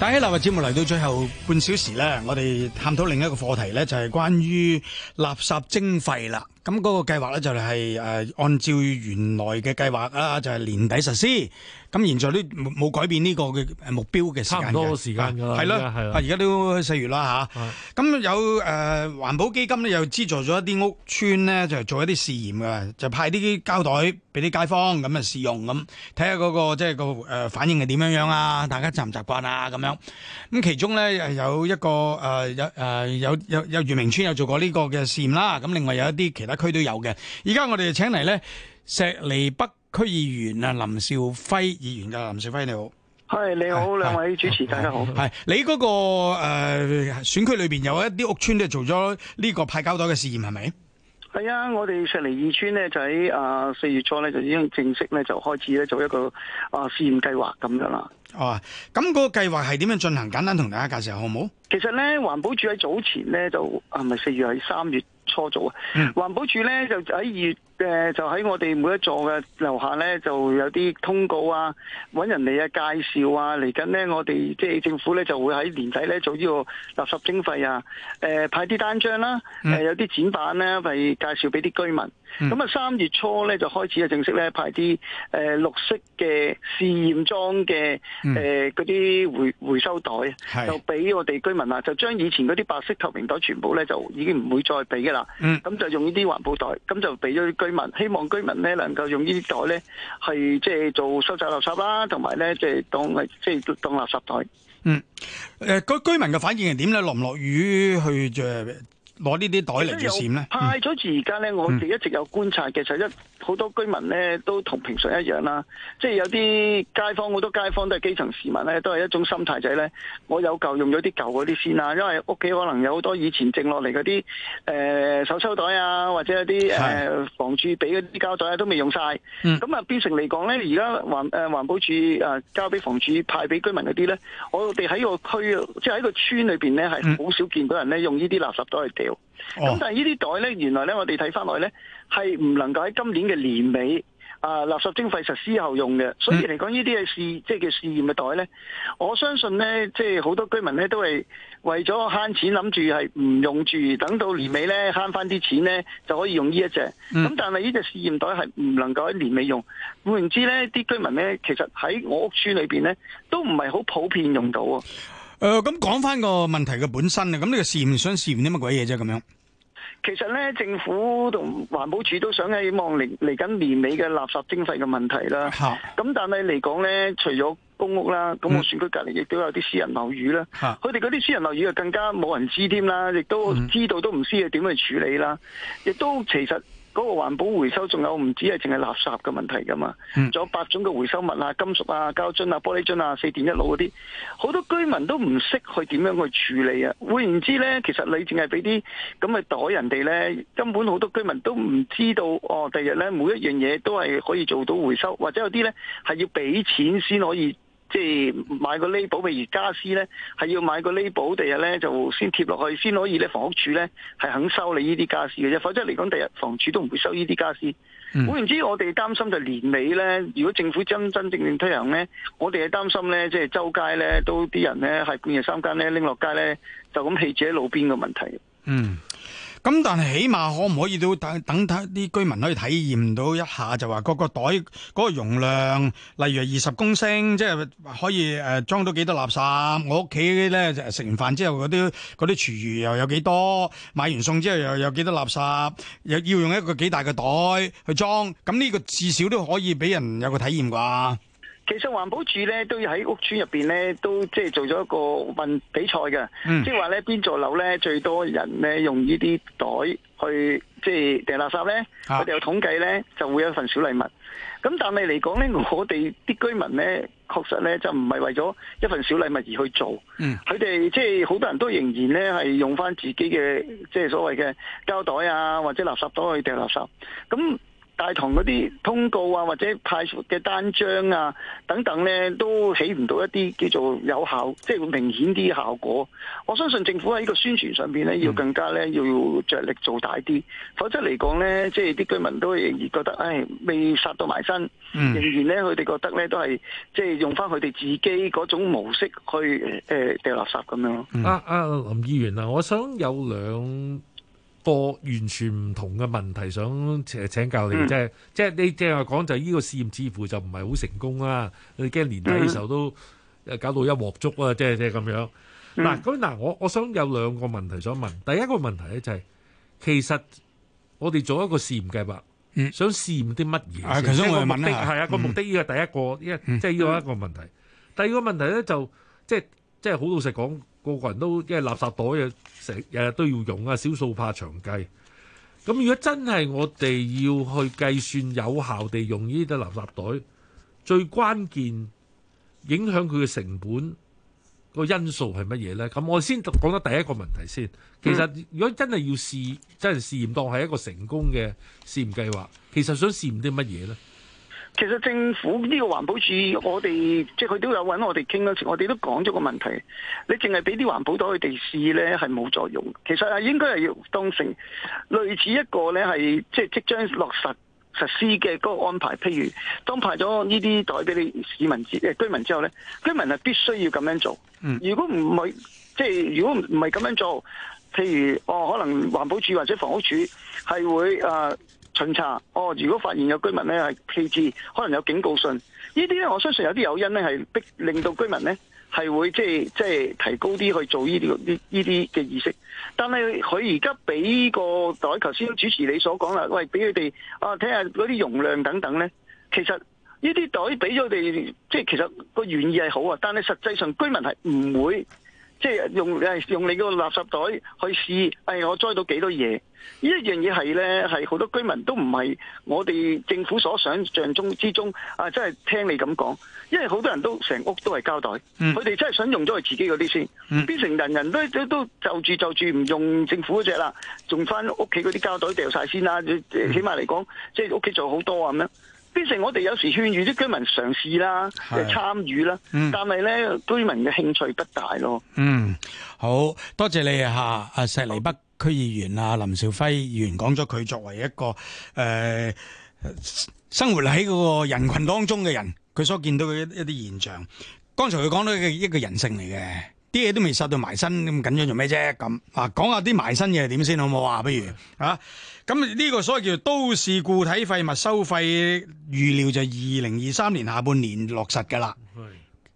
但係立場節目嚟到最後半小時呢，我哋探討另一個課題呢，就係、是、關於垃圾徵費啦。咁嗰個計劃咧就係誒按照原來嘅計劃啊，就係年底實施。咁現在都冇冇改變呢個嘅目標嘅時間嘅，係咯係。而家都四月啦嚇。咁有誒環保基金咧又資助咗一啲屋邨咧，就係做一啲試驗嘅，就派啲膠袋俾啲街坊咁啊試用咁，睇下嗰個即係個誒反應係點樣樣啊？大家習唔習慣啊？咁樣咁其中咧有一個誒有誒有有有圓明村有做過呢個嘅試驗啦。咁另外有一啲其他。區都有嘅，而家我哋請嚟咧石籬北區議員啊林紹輝議員啊，林紹輝你好，係你好，兩 Hi, hi. 位主持 hi. Hi. 大家好。係你嗰、那個誒、呃、選區裏邊有一啲屋邨咧做咗呢個派膠袋嘅試驗係咪？係啊，我哋石籬二邨咧就喺啊四月初咧就已經正式咧就開始咧做一個啊試驗計劃咁噶啦。哦，咁個計劃係點樣進行？簡單同大家介紹好唔好？其實咧環保署喺早前咧就係咪四月係三月？初做啊，環保署咧就喺二。 誒、呃、就喺我哋每一座嘅樓下咧，就有啲通告啊，揾人嚟啊介紹啊，嚟緊咧我哋即係政府咧就會喺年底咧做呢個垃圾徵費啊，誒派啲單張啦、啊呃，有啲展板咧、啊、係介紹俾啲居民。咁啊三月初咧就開始啊正式咧派啲誒綠色嘅試驗裝嘅誒嗰啲回回收袋，嗯、就俾我哋居民啦、啊、就將以前嗰啲白色透明袋全部咧就已經唔會再俾噶啦。咁、嗯、就用呢啲環保袋，咁就俾咗居民希望居民咧，能夠用呢啲袋咧，係即係做收集垃圾啦，同埋咧即係當係即係當垃圾袋。嗯，誒、呃，個居民嘅反應係點咧？落唔落雨去，即攞呢啲袋嚟閃咧？派咗住而家咧，我哋一直有觀察嘅，就一。好多居民咧都同平常一樣啦，啊，即係有啲街坊，好多街坊都係基層市民咧，都係一種心態就係咧，我有舊用咗啲舊嗰啲先啦，啊，因為屋企可能有好多以前剩落嚟嗰啲誒手抽袋啊，或者有啲誒房署俾嗰啲膠袋、啊，都未用晒。咁啊、嗯，變成嚟講咧，而家環、呃，環保署、呃，交俾房署派俾居民嗰啲咧，我哋喺個區即係喺個村裏邊咧係好少見到人咧用呢啲垃圾袋去掉，咁、哦，但係呢啲袋咧原來咧我哋睇翻來咧。係唔能夠喺今年嘅年尾啊，垃圾徵費實施後用嘅，所以嚟講呢啲嘅試即係嘅試驗嘅袋咧，我相信咧，即係好多居民咧都係為咗慳錢諗住係唔用住，等到年尾咧慳翻啲錢咧就可以用呢一隻。咁、嗯、但係呢隻試驗袋係唔能夠喺年尾用，換言之咧，啲居民咧其實喺我屋邨裏邊咧都唔係好普遍用到啊。誒、呃，咁講翻個問題嘅本身啊，咁呢個試驗想試驗啲乜鬼嘢啫？咁樣。其實咧，政府同環保署都想希望嚟嚟緊年尾嘅垃圾徵費嘅問題啦。咁、啊、但係嚟講咧，除咗公屋啦，咁我選區隔籬亦都有啲私人樓宇啦。佢哋嗰啲私人樓宇啊，更加冇人知添啦，亦都知道都唔知要點去處理啦。亦都其實。嗰個環保回收仲有唔止係淨係垃圾嘅問題㗎嘛，仲、嗯、有八種嘅回收物啊、金屬啊、膠樽啊、玻璃樽啊、四電一腦嗰啲，好多居民都唔識去點樣去處理啊。會唔知呢？其實你淨係畀啲咁嘅袋人哋呢。根本好多居民都唔知道哦。第日呢，每一樣嘢都係可以做到回收，或者有啲呢係要畀錢先可以。即係買個 label，譬如家私咧，係要買個 label，第日咧就先貼落去，先可以咧，房屋處咧係肯收你呢啲家私嘅啫。否則嚟講，第日房署都唔會收呢啲家私。好唔知我哋擔心就年尾咧，如果政府真真正正推行咧，我哋係擔心咧，即係周街咧都啲人咧係半夜三更咧拎落街咧，就咁棄置喺路邊嘅問題。嗯。咁但係起碼可唔可以都等等睇啲居民可以體驗到一下，就話個個袋嗰個容量，例如二十公升，即係可以誒裝、呃、到幾多垃圾？我屋企咧就食完飯之後嗰啲嗰啲廚餘又有幾多？買完餸之後又有幾多垃圾？又要用一個幾大嘅袋去裝？咁呢個至少都可以俾人有個體驗啩。其實環保署咧都要喺屋邨入邊咧都即係做咗一個運比賽嘅，嗯、即係話咧邊座樓咧最多人咧用呢啲袋去即係掟垃圾咧，我哋、啊、有統計咧就會有一份小禮物。咁但係嚟講咧，我哋啲居民咧確實咧就唔係為咗一份小禮物而去做，佢哋即係好多人都仍然咧係用翻自己嘅即係所謂嘅膠袋啊或者垃圾袋去掟垃圾，咁。大堂嗰啲通告啊，或者派嘅單張啊，等等咧，都起唔到一啲叫做有效，即係會明顯啲效果。我相信政府喺呢個宣傳上邊咧，要更加咧要着力做大啲，否則嚟講咧，即係啲居民都仍然覺得，唉、哎，未殺到埋身，嗯、仍然咧佢哋覺得咧都係即係用翻佢哋自己嗰種模式去誒掉、呃、垃，垃圾咁樣咯。嗯、啊啊，林議員啊，我想有兩。個完全唔同嘅問題，想請請教你，即係即係你正話講就呢個試驗，似乎就唔係好成功啦。你驚年底嘅時候都搞到一鑊粥啊，即係即係咁樣。嗱，咁嗱，我我想有兩個問題想問。第一個問題咧就係其實我哋做一個試驗計劃，想試驗啲乜嘢？啊，頭先我問啦，係啊，個目的呢個第一個，即係呢個一個問題。第二個問題咧就即係即係好老實講。個個人都即係垃圾袋，又成日日都要用啊。少數怕長計，咁如果真係我哋要去計算有效地用呢啲垃圾袋，最關鍵影響佢嘅成本個因素係乜嘢呢？咁我先講得第一個問題先。其實如果真係要試真係試驗，當係一個成功嘅試驗計劃，其實想試驗啲乜嘢呢？其實政府呢個環保署，我哋即係佢都有搵我哋傾嗰時，我哋都講咗個問題。你淨係俾啲環保袋佢哋試咧，係冇作用。其實係應該係要當成類似一個咧，係即係即，即將落實實施嘅嗰個安排。譬如當派咗呢啲袋俾你市民誒居民之後咧，居民係必須要咁樣做。如果唔係，即係如果唔係咁樣做，譬如哦，可能環保署或者房屋署係會誒。呃巡查哦，如果發現有居民咧係棄置，可能有警告信，呢啲咧我相信有啲誘因咧係逼令到居民咧係會即係即係提高啲去做呢啲呢呢啲嘅意識。但係佢而家俾個袋，頭先主持你所講啦，喂，俾佢哋啊，睇下嗰啲容量等等咧。其實呢啲袋俾咗佢哋，即係其實個原意係好啊，但係實際上居民係唔會。即係用誒用你個垃圾袋去試，誒、哎、我栽到幾多嘢？呢一樣嘢係咧係好多居民都唔係我哋政府所想象中之中啊！真係聽你咁講，因為好多人都成屋都係膠袋，佢哋、嗯、真係想用咗佢自己嗰啲先，嗯、變成人人都都就住就住唔用政府嗰隻啦，仲翻屋企嗰啲膠袋掉晒先啦、啊！嗯、起碼嚟講，即係屋企做好多啊咁樣。變成我哋有時勸喻啲居民嘗試啦，嚟參與啦，嗯、但係咧居民嘅興趣不大咯。嗯，好多謝你啊，阿石籬北區議員啊，林紹輝議員講咗佢作為一個誒、呃，生活喺嗰個人群當中嘅人，佢所見到嘅一一啲現象。剛才佢講到嘅一個人性嚟嘅。啲嘢都未殺到埋身咁緊張，做咩啫？咁啊，講下啲埋身嘢點先好冇啊？不如啊，咁呢個所謂叫做都市固體廢物收費預料就二零二三年下半年落實㗎喇，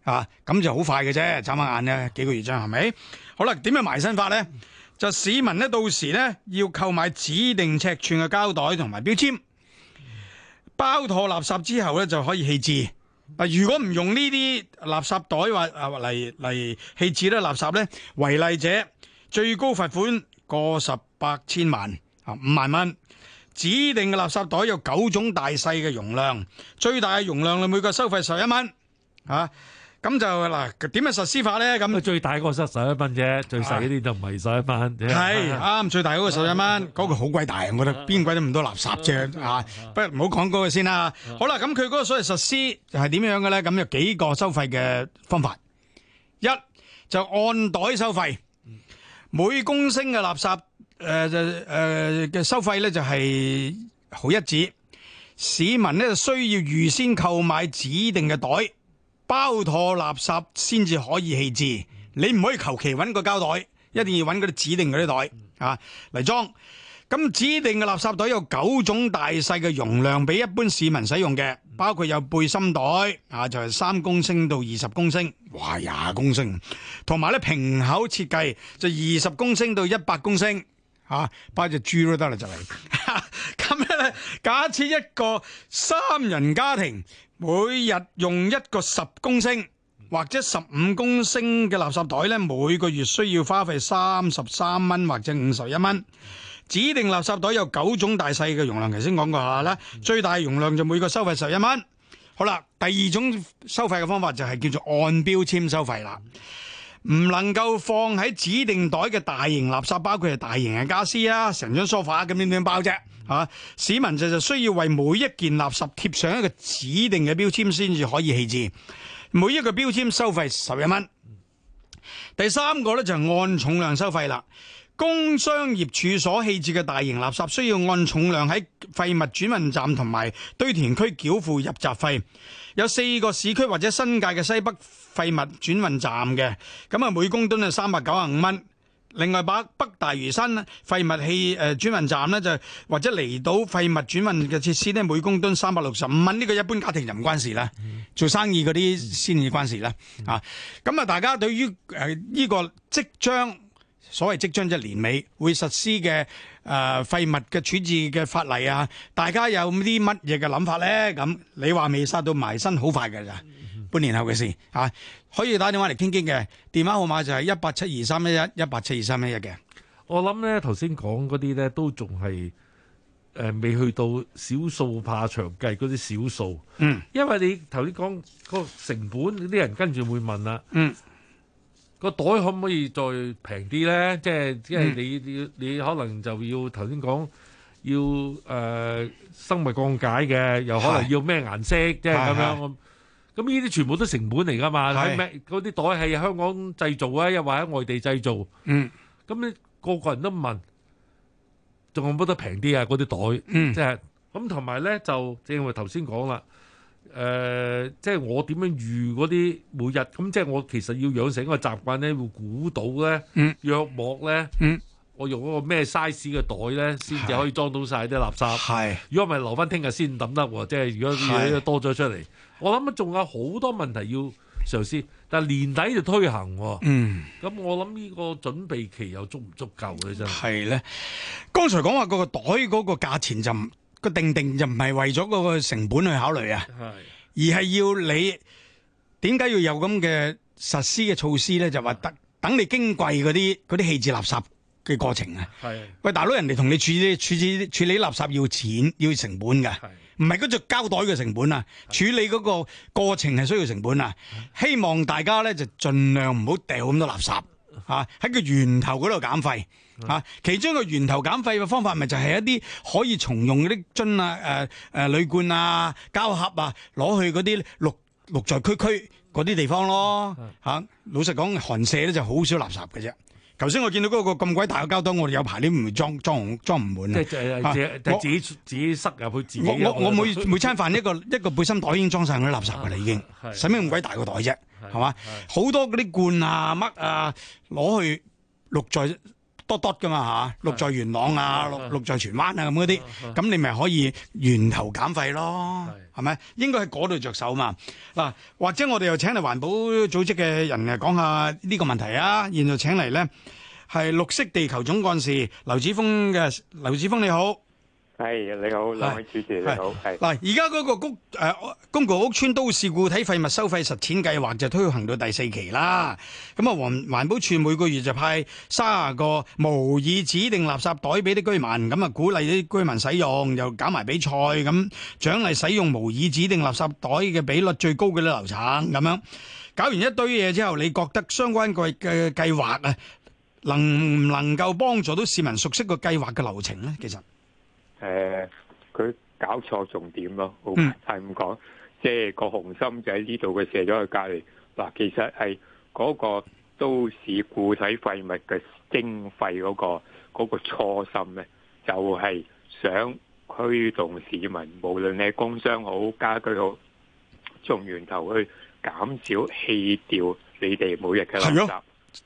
係啊，咁就好快嘅啫，眨下眼啫，幾個月啫，係咪？好啦，點樣埋身法咧？就市民咧到時咧要購買指定尺寸嘅膠袋同埋標籤，包妥垃，垃圾之後咧就可以棄置。如果唔用呢啲垃圾袋啊嚟嚟棄置呢垃圾呢，違例者最高罰款過十八千萬啊五萬蚊。指定嘅垃圾袋有九種大細嘅容量，最大嘅容量你每個收費十一蚊。咁就嗱，點樣實施法咧？咁最大嗰個十十一蚊啫，最細嗰啲就唔係十一蚊啫。係啱，最大嗰個十一蚊，嗰個好鬼大啊！我覺得邊鬼咗咁多垃圾啫啊！不如唔好講嗰個先啦。好啦，咁佢嗰個所謂實施就係點樣嘅咧？咁有幾個收費嘅方法，一就按袋收費，每公升嘅垃圾誒誒嘅收費咧就係好一致。市民咧就需要預先購買指定嘅袋。包妥垃圾先至可以棄置，你唔可以求其揾個膠袋，一定要揾嗰啲指定嗰啲袋啊嚟裝。咁指定嘅垃圾袋有九種大細嘅容量，俾一般市民使用嘅，包括有背心袋啊，就係三公升到二十公升，哇廿公升，同埋呢平口設計就二十公升到一百公升啊，包隻豬都得啦就嚟咁咧，假設一個三人家庭。每日用一個十公升或者十五公升嘅垃圾袋咧，每個月需要花費三十三蚊或者五十一蚊。指定垃圾袋有九種大細嘅容量，頭先講過下啦。最大容量就每個收費十一蚊。好啦，第二種收費嘅方法就係叫做按標籤收費啦。唔能夠放喺指定袋嘅大型垃圾，包括係大型嘅家私啊、成張梳化咁樣樣包啫。啊！市民就就需要為每一件垃圾貼上一個指定嘅標籤先至可以棄置，每一個標籤收費十一蚊。第三個咧就係按重量收費啦。工商業處所棄置嘅大型垃圾需要按重量喺廢物轉運站同埋堆填區繳付入閘費。有四個市區或者新界嘅西北廢物轉運站嘅，咁啊，每公噸係三百九十五蚊。另外把北大嶼山廢物器誒轉運站呢，就或者離島廢物轉運嘅設施呢，每公噸三百六十五蚊。呢、這個一般家庭就唔關事啦，做生意嗰啲先至關事啦。啊、嗯，咁啊，大家對於誒呢個即將所謂即將即係年尾會實施嘅誒廢物嘅處置嘅法例啊，大家有啲乜嘢嘅諗法咧？咁你話未殺到埋身，好快㗎咋？半年後嘅事嚇，啊，可以打電話嚟傾傾嘅電話號碼就係一八七二三一一一八七二三一一嘅。我諗咧，頭先講嗰啲咧都仲係誒未去到少數怕長計嗰啲少數，嗯，因為你頭先講個成本，啲人跟住會問啦，嗯，個袋可唔可以再平啲咧？即係即係你你可能就要頭先講要誒、呃、生物降解嘅，又可能要咩顏色，即係咁樣。是是咁呢啲全部都成本嚟㗎嘛？係，嗰啲袋係香港製造啊，又或者外地製造。嗯，咁你個個人都問，仲有冇得平啲啊？嗰啲袋，即係咁同埋咧，就正如頭先講啦。誒、呃，即係我點樣預嗰啲每日咁，即係我其實要養成一個習慣咧，會估到咧，約莫咧。嗯嗯我用嗰個咩 size 嘅袋咧，先至可以裝到晒啲垃圾。如果唔係留翻聽日先抌得，即係如果多咗出嚟，我諗啊仲有好多問題要嘗試。但係年底就推行，咁、嗯、我諗呢個準備期又足唔足夠嘅真係。係咧，剛才講話嗰個袋嗰個價錢就、嗰個定定就唔係為咗嗰個成本去考慮啊，的而係要你點解要有咁嘅實施嘅措施咧？就話等等你矜貴嗰啲嗰啲棄置垃圾。嘅過程啊，的喂，大佬，人哋同你處理處理處理垃圾要錢，要成本㗎，唔係嗰隻膠袋嘅成本啊，的處理嗰個過程係需要成本啊，的希望大家咧就盡量唔好掉咁多垃圾喺個源頭嗰度減費。的其中一個源頭減費嘅方法咪就係一啲可以重用嗰啲樽啊、誒誒鋁罐啊、膠盒啊，攞去嗰啲綠綠在區區嗰啲地方咯。的老實講，寒舍咧就好少垃圾嘅啫。頭先我見到那個咁鬼大個膠袋，我哋有排都唔會裝裝裝唔滿啊！即係即自己自己塞入去自己。我我，我，我每每餐飯一個一個背心袋已經裝曬嗰啲垃圾㗎啦，啊、已經使咩咁鬼大個袋啫？係嘛？好多啲罐啊、乜啊，攞去錄在。多得噶嘛嚇，綠在元朗啊，綠綠在荃灣啊咁嗰啲，咁你咪可以源頭減費咯，係咪？應該喺嗰度着手嘛。嗱，或者我哋又請嚟環保組織嘅人嚟講下呢個問題啊。現在請嚟咧係綠惜地球總幹事劉祉峰嘅，劉祉峰你好。係、hey, 你好，兩位主持是你好。係嗱是，而家嗰個屋誒、呃，公共屋邨都市固體廢物收費實踐計劃就推行到第四期啦。咁啊，環環保署每個月就派三十個模擬指定垃圾袋俾啲居民，咁啊鼓勵啲居民使用，又搞埋比賽，咁獎勵使用模擬指定垃圾袋嘅比率最高嘅啲樓層咁樣。搞完一堆嘢之後，你覺得相關個嘅、呃、計劃啊，能唔能夠幫助到市民熟悉個計劃嘅流程呢？其實？佢搞錯重點咯，好唔係咁講，即係個紅心就喺呢度嘅卸咗去隔籬。嗱，其實係嗰個都市固體廢物嘅徵費嗰個嗰個初心咧，就係想驅動市民，無論你工商好、家居好，從源頭去減少棄掉你哋每日嘅垃圾。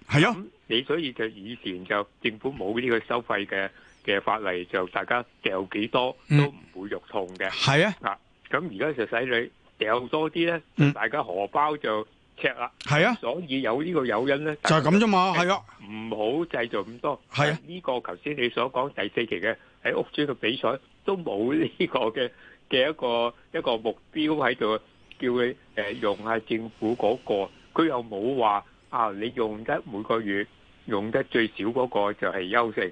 係啊，係你所以就以前就政府冇呢個收費嘅。嘅法例就大家掉幾多都唔會肉痛嘅，係啊，咁而家就使你掉多啲咧，大家荷包就赤啦，係啊，所以有呢個誘因咧，就係咁啫嘛，係咯，唔好製造咁多，係啊，呢個頭先你所講第四期嘅喺屋邨嘅比賽都冇呢個嘅嘅一個一個目標喺度，叫你誒用下政府嗰個，佢又冇話啊，你用得每個月用得最少嗰個就係優勝。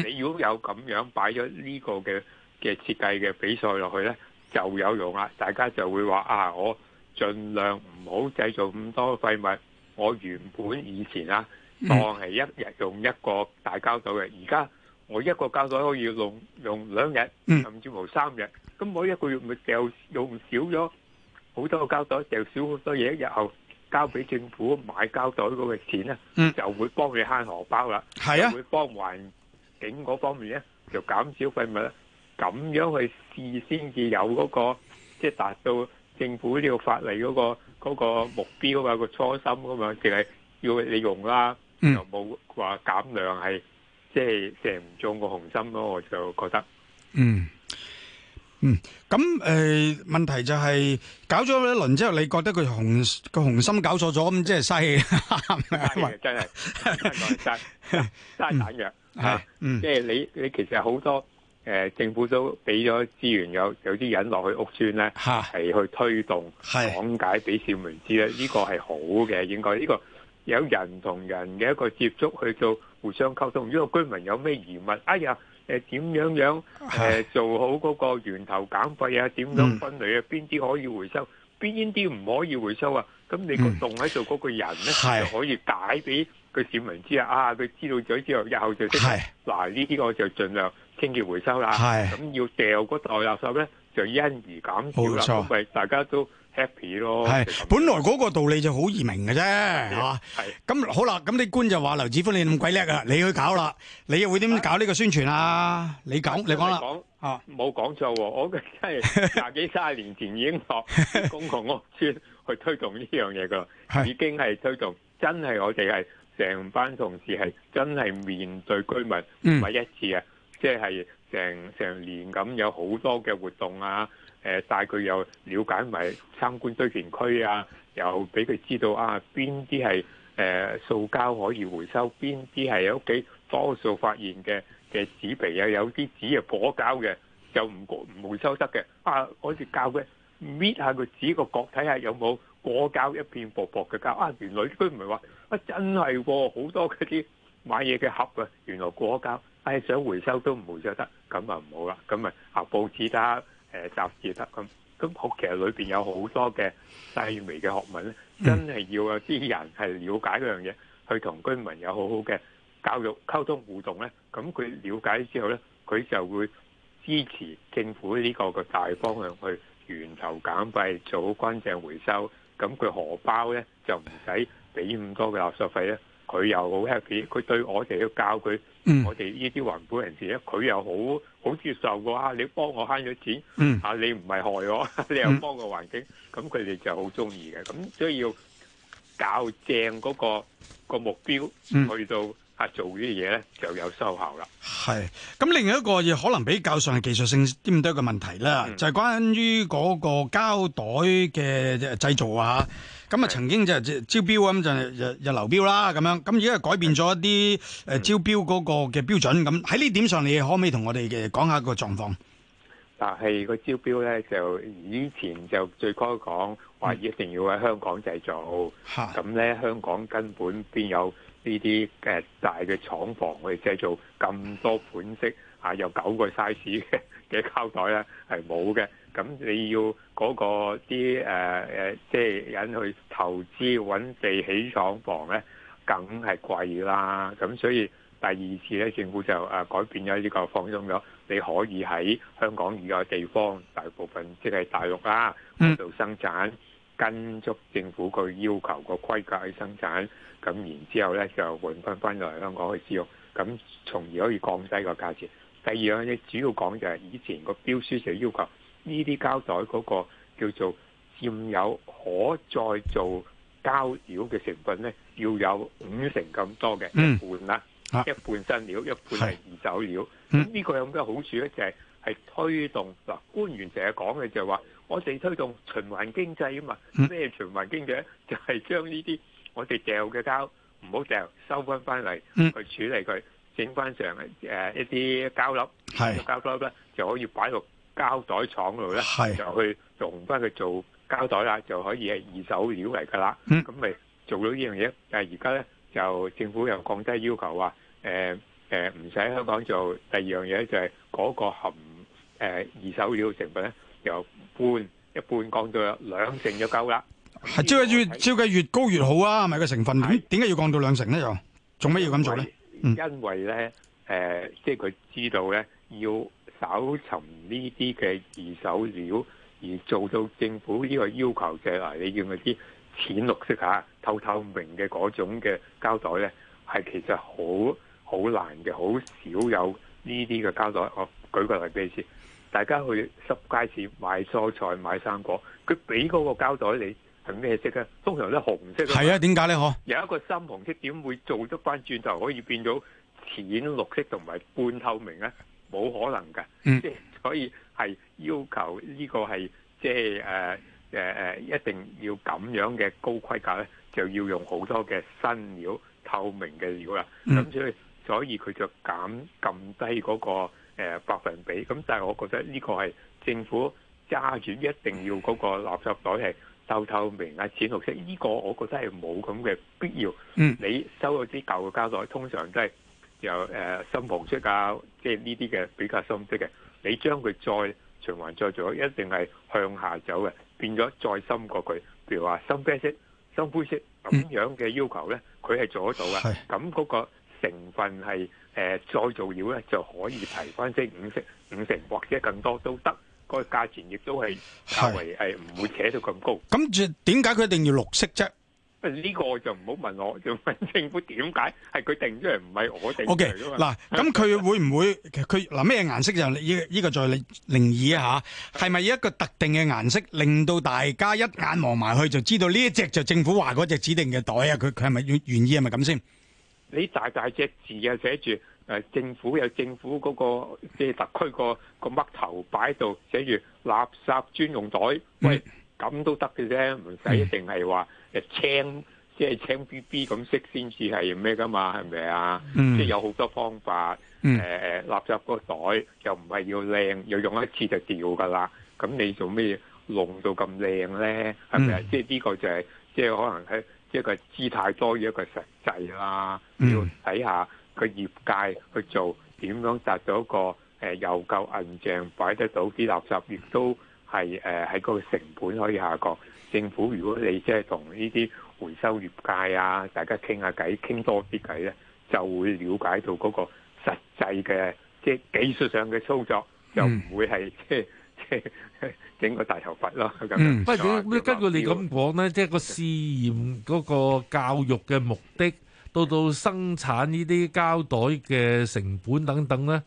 你如果有咁樣擺咗呢個嘅嘅設計嘅比賽落去咧，就有用啦！大家就會話啊，我盡量唔好製造咁多廢物。我原本以前啊，當係一日用一個大膠袋嘅，而家我一個膠袋可以用用兩日甚至乎三日，咁我一個月咪就用少咗好多個膠袋，就少好多嘢。日後交俾政府買膠袋嗰個錢咧，就會幫你慳荷包啦，係啊，又會幫還。警嗰方面咧，就減少廢物啦，咁樣去試先至有嗰個，即係達到政府呢個法例嗰個嗰個目標啊，個初心噶嘛，淨係要你用啦，又冇話減量係，即係成唔中個紅心咯，我就覺得，嗯嗯，咁誒問題就係搞咗一輪之後，你覺得佢紅個紅心搞錯咗咁，即係嘥氣，嘥嘅真係嘥嘥彈藥。啊，即係你你其實好多誒，政府都俾咗資源有有啲人落去屋邨咧，係去推動講解俾市民知咧，呢個係好嘅，應該呢個有人同人嘅一個接觸去做互相溝通。如果居民有咩疑問，哎呀，誒點樣樣誒做好嗰個源頭減廢啊？點樣分類啊？邊啲可以回收？邊啲唔可以回收啊？咁你個動喺度嗰個人咧就可以解俾。佢市民知啦，啊，佢知道咗之後，之後就係。嗱，呢啲我就儘量清潔回收啦。咁要掉嗰袋垃圾咧，就因而減少啦。咁咪大家都 happy 咯。係，本來嗰個道理就好易明嘅啫，嚇。咁好啦，咁啲官就話：劉祉峰，你咁鬼叻啊，你去搞啦！你又會點搞呢個宣傳啊？你講，你講啦。講啊，冇講錯喎！我嘅真係廿幾三十年前已經落公共屋邨去推動呢樣嘢噶，已經係推動，真係我哋係。成班同事係真係面對居民唔係一次啊！即係成成年咁有好多嘅活動啊！誒帶佢又了解埋參觀堆填區啊，又俾佢知道啊邊啲係誒塑膠可以回收，邊啲係喺屋企多數發現嘅嘅紙皮啊，有啲紙係過膠嘅就唔唔回收得嘅啊，我哋教佢搣下個紙個角睇下有冇。果膠一片薄薄嘅膠啊！原來佢唔係話啊，真係好、哦、多嗰啲買嘢嘅盒啊，原來果膠係、哎、想回收都唔回收得，咁啊唔好啦，咁啊啊報紙得誒雜誌得咁，咁好其實裏邊有好多嘅細微嘅學問咧，真係要有啲人係了解呢樣嘢，去同居民有好好嘅教育溝通互動咧，咁佢了解之後咧，佢就會支持政府呢個大方向去源頭減廢，做好乾淨回收。咁佢荷包咧就唔使俾咁多嘅垃圾費咧，佢又好 happy，佢對我哋要教佢，嗯、我哋呢啲環保人士咧，佢又好好接受嘅話、啊，你幫我慳咗錢，嚇、嗯啊、你唔係害我，你又幫個環境，咁佢哋就好中意嘅，咁所以要教正嗰、嗰個、嗰個目標去到。做呢啲嘢咧就有收效啦。係，咁另外一個亦可能比較上係技術性啲咁多嘅問題啦，就係關於嗰個膠袋嘅製造啊嚇。咁啊曾經就招標咁就日日流標啦咁樣，咁而家改變咗一啲誒招標嗰個嘅標準。咁喺呢點上，你可唔可以同我哋嘅講下個狀況？但係個招標咧就以前就最初講話一定要喺香港製造，咁咧香港根本邊有？呢啲誒大嘅廠房，我哋製造咁多款式嚇，有九個 size 嘅嘅膠袋咧，係冇嘅。咁你要嗰、嗰個啲誒即係人去投資揾地起廠房咧，梗係貴啦。咁所以第二次咧，政府就誒改變咗呢、呢個放鬆咗，你可以喺香港以外地方，大部分即係大陸啦，嗰度生產。跟足政府佢要求個規格去生產，咁然之後咧就換翻翻嚟香港去使用，咁從而可以降低個價錢。第二樣嘢主要講就係以前個標書就要求呢啲膠袋嗰個叫做佔有可再做膠料嘅成分咧，要有五成咁多嘅、嗯、一半啦，啊、一半新料，一半係二手料。咁呢個有咩好處咧？就係、是、係推動嗱，官員成日講嘅就係話。我哋推動循環經濟啊嘛，咩循環經濟咧？就係將呢啲我哋掉嘅膠唔好掉，收翻翻嚟去處理佢，整翻成誒一啲膠粒，膠粒咧就可以擺落膠袋廠嗰度咧，就去用翻去做膠袋啦，就可以係二手料嚟噶啦。咁咪做到呢樣嘢？但係而家咧就政府又降低要求話，誒誒唔使香港做。第二樣嘢就係嗰個含誒二手料成分咧。又半一半降到兩成就夠啦，係招計越招計是越，越高越好啊！咪個的成分點點解要降到兩成咧？又的做咩要咁做咧？因為咧，誒、嗯呃，即係佢知道咧，要搜尋呢啲嘅二手料，而做到政府呢個要求就係你叫嗰啲淺綠色吓、透透明嘅嗰種嘅膠袋咧，係其實好好難嘅，好少有呢啲嘅膠袋。我舉個例俾你先。大家去濕街市買蔬菜、買生果，佢俾嗰個膠袋你係咩色咧？通常都紅色。係啊，點解咧？呵，有一個深紅色，點會做得翻轉頭可以變到淺綠色同埋半透明咧？冇可能㗎，即係、嗯、所以係要求呢個係即係誒一定要咁樣嘅高規格咧，就要用好多嘅新料、透明嘅料啦。咁、嗯、所以所以佢就減撳低嗰、嗰個。誒百分比咁，但係我覺得呢個係政府揸住一定要嗰個垃圾袋係透透明啊淺綠色，呢個我覺得係冇咁嘅必要。嗯，你收到嗰啲舊嘅膠袋，通常都係由誒深黃色啊，即係呢啲嘅比較深色嘅，你將佢再循環再做，一定係向下走嘅，變咗再深過佢。譬如話深啡色、深灰色咁樣嘅要求呢，佢係做得到嘅。咁嗰個成分係誒再造料咧，就可以提翻即五成五成或者更多都得，個價錢亦都係係係唔會扯到咁高。咁點解佢一定要綠色啫？呢個就唔好問我，就問政府點解係佢定出嚟，唔係我定。O K，嗱，咁佢會唔會佢嗱咩顏色就依依個再靈異一下？係咪一個特定嘅顏色令到大家一眼望埋去就知道呢一隻就政府話嗰隻指定嘅袋啊？佢佢係咪願意係咪咁先？你大大隻字啊，寫住政府有政府嗰、嗰個即係特區個個嘜頭擺度寫住垃圾專用袋，嗯、喂咁都得嘅啫，唔使一定係話誒青即係青 B B 咁色先至係咩噶嘛，係咪啊？即係、嗯、有好多方法、呃、垃圾個袋就唔係要靚，要用一次就掉噶啦。咁你做咩弄到咁靚咧？係咪啊？即係呢個就係即係可能係。一個姿態多於一個實際啦，嗯、要睇下個業界去做點樣達到一個誒又夠硬淨擺得到啲垃圾，亦都係誒喺個成本可以下降。政府如果你即係同呢啲回收業界啊，大家傾下偈，傾多啲偈咧，就會了解到嗰個實際嘅即係技術上嘅操作，就唔會係即係。嗯 整個大頭佛咯，嗯，不過咧，根據你咁講咧，即係個試驗嗰個教育嘅目的，到到生產呢啲膠袋嘅成本等等咧，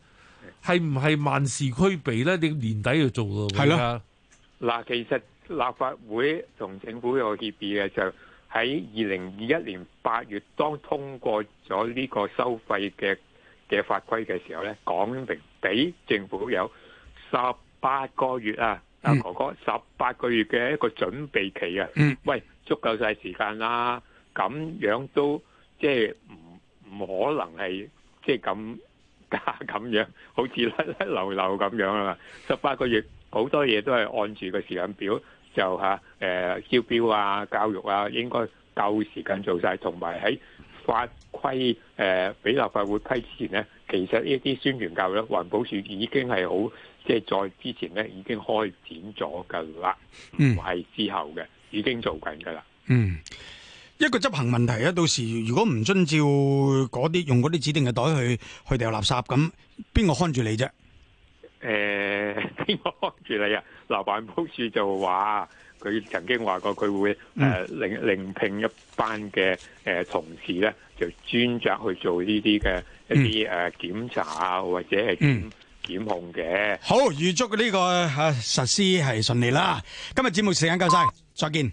係唔係萬事俱備咧？你年底就做咯，係咯。嗱，其實立法會同政府有協議嘅，就喺二零二一年八月當通過咗呢個收費嘅嘅法規嘅時候咧，講明俾政府有十八個月啊，阿哥哥，十八個月嘅一個準備期啊，嗯、喂，足夠晒時間啦、啊，咁樣都即係唔唔可能係即係咁加咁樣，好似甩甩流流咁樣啊！十八個月好多嘢都係按住個時間表就吓，誒、呃，招標啊，教育啊，應該夠時間做晒，同埋喺法規誒俾立法會批之前咧。其實呢啲宣傳教育，環保署已經係好即係在之前咧已經開展咗噶啦，唔係、嗯、之後嘅已經做緊噶啦。嗯，一個執行問題咧，到時如果唔遵照嗰啲用嗰啲指定嘅袋去去掉垃圾，咁邊個看住你啫？誒、呃，邊個看住你啊？嗱，環保署就話佢曾經話過佢會誒另另聘一班嘅誒、呃、同事咧，就專責去做呢啲嘅。一啲誒檢查啊，或者係檢檢、嗯、控嘅。好，預祝呢個實施係順利啦！今日節目時間夠晒，再見。